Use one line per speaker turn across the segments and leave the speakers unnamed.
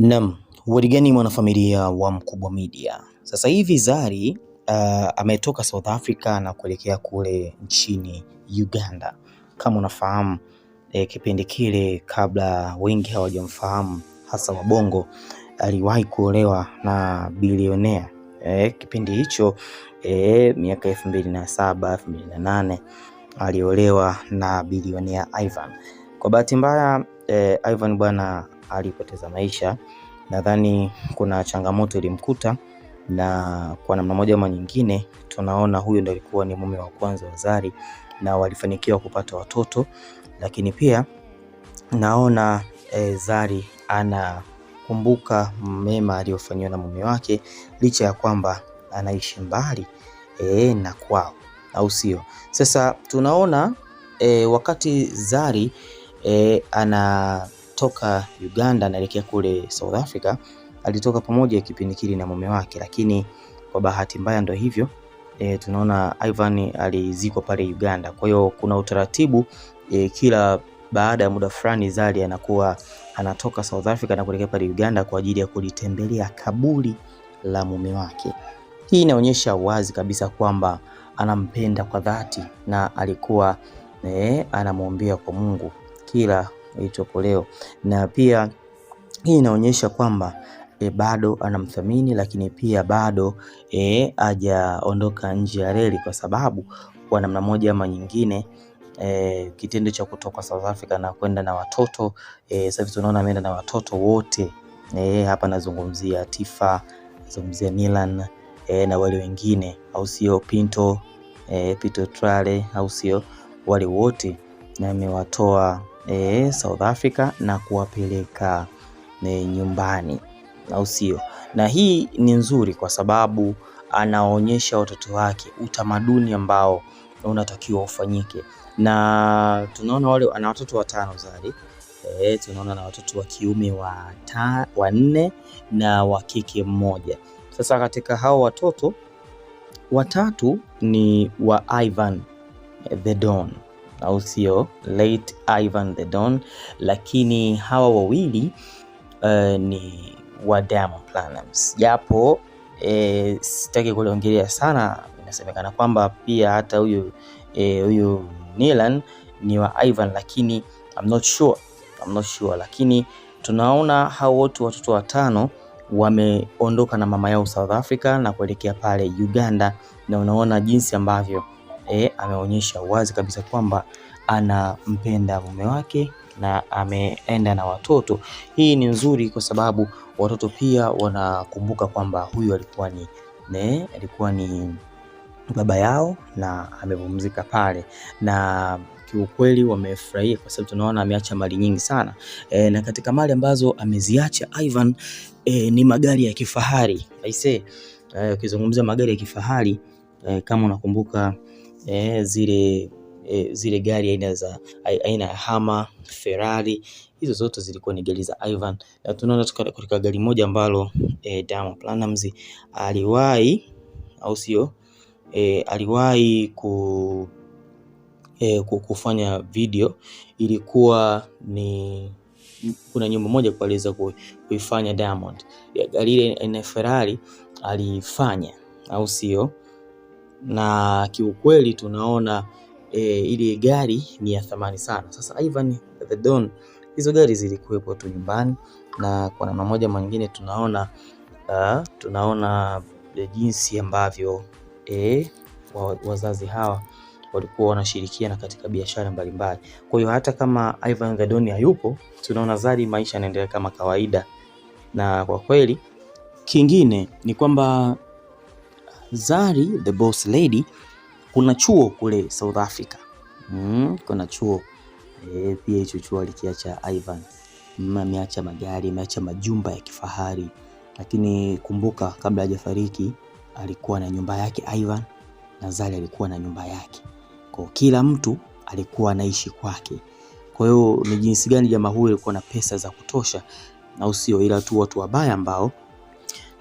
Naam, warigani mwanafamilia wa Mkubwa Media. Sasa hivi Zari uh, ametoka South Africa na kuelekea kule nchini Uganda. Kama unafahamu eh, kipindi kile kabla wengi hawajamfahamu hasa wabongo, aliwahi kuolewa na bilionea eh, kipindi hicho eh, miaka elfu mbili na saba elfu mbili na nane aliolewa na bilionea Ivan. Kwa bahati mbaya eh, Ivan bwana alipoteza maisha. Nadhani kuna changamoto ilimkuta, na kwa namna moja ama nyingine tunaona huyo ndio alikuwa ni mume wa kwanza wa Zari na walifanikiwa kupata watoto, lakini pia naona e, Zari anakumbuka mema aliyofanyiwa na mume wake licha ya kwamba anaishi mbali e, na kwao, au sio? Sasa tunaona e, wakati Zari e, ana alitoka Uganda anaelekea kule South Africa. Alitoka pamoja kipindi kile na mume wake, lakini kwa bahati mbaya ndo hivyo e, tunaona Ivan alizikwa pale Uganda. Kwa hiyo kuna utaratibu e, kila baada ya muda fulani Zari anakuwa anatoka South Africa na kuelekea pale Uganda kwa ajili ya kulitembelea kaburi la mume wake. Hii inaonyesha wazi kabisa kwamba anampenda kwa dhati na alikuwa e, anamwombea kwa Mungu kila itopo leo, na pia hii inaonyesha kwamba E, bado anamthamini lakini pia bado e, hajaondoka nje ya reli, kwa sababu kwa namna moja ama nyingine e, kitendo cha kutoka South Africa na kwenda na watoto e, sasa tunaona ameenda na watoto wote e, hapa nazungumzia Tifa, nazungumzia Milan e, na wale wengine, au sio? Pinto e, Pinto Trale, au sio? Wale wote na amewatoa e, South Africa na kuwapeleka e, nyumbani, au sio? Na hii ni nzuri kwa sababu anaonyesha watoto wake utamaduni ambao unatakiwa ufanyike, na tunaona wale ana watoto watano Zari. E, tunaona na watoto wa kiume wanne na wa kike mmoja. Sasa katika hao watoto watatu ni wa Ivan the Don au sio, late Ivan the Don, lakini hawa wawili uh, ni wa Diamond Platnumz, japo eh, sitaki kuliongelea sana. Inasemekana kwamba pia hata huyu eh, huyu Nilan ni wa Ivan, lakini I'm not sure. I'm not sure, lakini tunaona hao wote watoto watano wameondoka na mama yao South Africa na kuelekea pale Uganda, na unaona jinsi ambavyo e, ameonyesha wazi kabisa kwamba anampenda mume wake na ameenda na watoto. Hii ni nzuri kwa sababu watoto pia wanakumbuka kwamba huyu alikuwa ni ne, alikuwa ni baba yao na amepumzika pale na kiukweli wamefurahia kwa sababu tunaona ameacha mali nyingi sana e, na katika mali ambazo ameziacha Ivan e, ni magari ya kifahari aisee, Ukizungumzia e, magari ya kifahari e, kama unakumbuka eh, zile eh, zile gari aina za aina ya hama Ferrari hizo zote zilikuwa ni gari za Ivan, na tunaona katika gari moja ambalo eh, Diamond Platnumz aliwahi au sio eh, aliwahi ku eh, kufanya video ilikuwa ni kuna nyumba moja kwa aliweza kuifanya Diamond gari ile ya Ferrari alifanya, au sio? na kiukweli tunaona e, ile gari ni ya thamani sana. Sasa Ivan the Don, hizo gari zilikuwepo tu nyumbani, na kwa namna moja mwingine tunaona uh, tunaona eh, jinsi ambavyo e, wazazi hawa walikuwa wanashirikiana katika biashara mbalimbali. Kwa hiyo hata kama Ivan the Don hayupo, tunaona Zari maisha yanaendelea kama kawaida, na kwa kweli kingine ni kwamba Zari the Boss Lady, kuna chuo kule South Africa mm, kuna chuo e, pia hicho chuo alikiacha Ivan hmm, ameacha magari, ameacha majumba ya kifahari, lakini kumbuka, kabla hajafariki alikuwa na nyumba yake Ivan, na Zari alikuwa na nyumba yake, kwa kila mtu alikuwa anaishi kwake. Kwa hiyo ni jinsi gani jamaa huyu alikuwa na pesa za kutosha, au sio? Ila tu watu wabaya ambao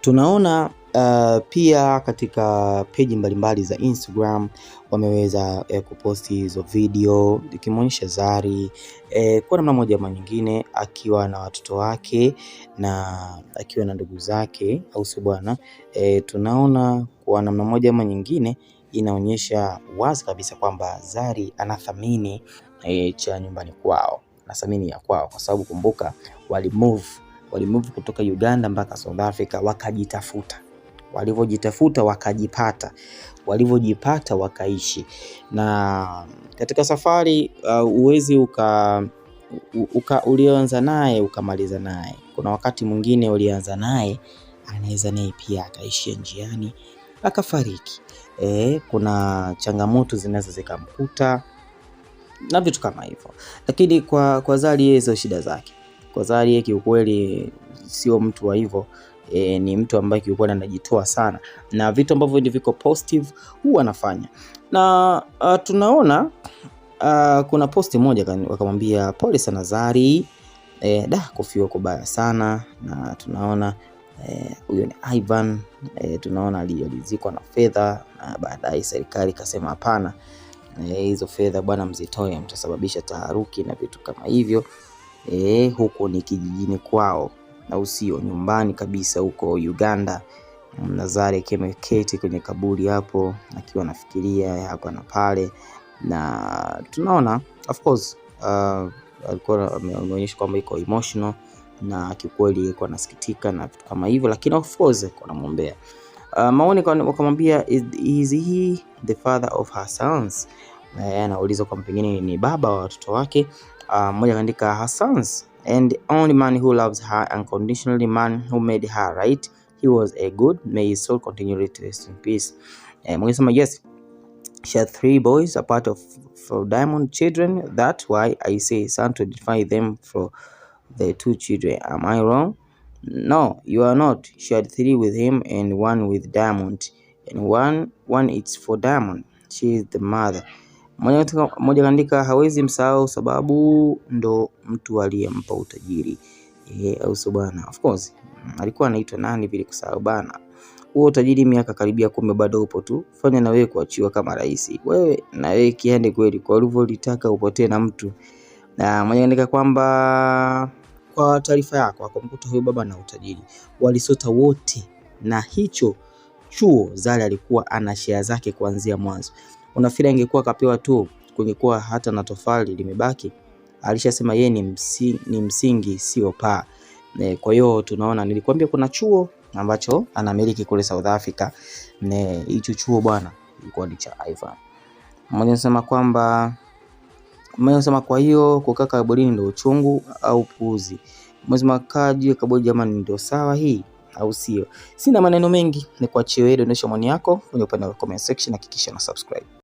tunaona Uh, pia katika peji mbalimbali za Instagram wameweza eh, kuposti hizo video ikimwonyesha Zari eh, kwa namna moja ama nyingine akiwa na watoto wake na akiwa na ndugu zake, au sio bwana? Eh, tunaona kwa namna moja ama nyingine inaonyesha wazi kabisa kwamba Zari anathamini eh, cha nyumbani kwao, anathamini ya kwao, kwa sababu kumbuka walimove walimove kutoka Uganda mpaka South Africa wakajitafuta walivyojitafuta wakajipata, walivyojipata wakaishi. Na katika safari uh, huwezi uh, uka uka ulioanza naye ukamaliza naye. Kuna wakati mwingine ulianza naye anaweza naye pia akaishia njiani akafariki. E, kuna changamoto zinaweza zikamkuta na vitu kama hivyo, lakini kwa kwa Zari hizo shida zake, kwa Zari yeye kiukweli sio mtu wa hivyo e, ni mtu ambaye kiukweli anajitoa sana na vitu ambavyo ni viko positive huwa anafanya na uh, tunaona uh, kuna posti moja wakamwambia pole sana Zari e, da kofia kubaya sana na tunaona e, huyo e, ni Ivan e, tunaona alizikwa na fedha na baadaye serikali ikasema hapana hizo e, fedha bwana mzitoe, mtasababisha taharuki na vitu kama hivyo e, huko ni kijijini kwao na usio nyumbani kabisa huko Uganda. Nazari akiwa ameketi kwenye kaburi hapo akiwa anafikiria hapa na pale, na tunaona of course uh, alikuwa ameonyesha kwamba iko emotional na kiukweli alikuwa anasikitika na vitu kama hivyo, lakini of course alikuwa anamwombea. Uh, maoni wakamwambia is, is he the father of her sons? Eh, anauliza kwamba pengine ni baba wa watoto wake. Uh, mmoja uh, akaandika her sons and the only man who loves her unconditionally, man who made her right. He was a good, may his soul continue to rest in peace. Eh, yes, she had three boys, a part of for diamond children. that why I say Santo defy them for the two children. Am I wrong? No, you are not. She had three with him and one with diamond, and one one it's for diamond. She is the mother. Mmoja kaandika hawezi msahau sababu ndo mtu aliyempa utajiri Eh, au sio Of course alikuwa anaitwa nani vile kusahau bana. Huo utajiri miaka karibia kumi bado upo tu, fanya na wewe kuachiwa kama rais, wewe na wewe kiende kweli kwa litaka upotee na mtu. Na mmoja kaandika kwamba kwa taarifa yako akamkuta huyo baba na utajiri walisota wote na hicho chuo Zari alikuwa ana share zake kuanzia mwanzo. Unafikiri angekuwa kapewa tu, kungekuwa hata na tofali limebaki? Alishasema yeye ni, msi, ni msingi sio paa. Kwa hiyo tunaona, nilikwambia kuna chuo ambacho anamiliki kule South Africa. Hicho chuo bwana ilikuwa ni cha Ivan. Mmoja anasema kwamba mmoja anasema kwa hiyo kukaa kaburini ndio uchungu au puuzi? Mmoja anasema kaa juu ya kaburi jamani, ndio sawa hii au sio? Sina maneno mengi, ni kuachia wewe dondosha maoni yako kwenye upande wa comment section, hakikisha na subscribe.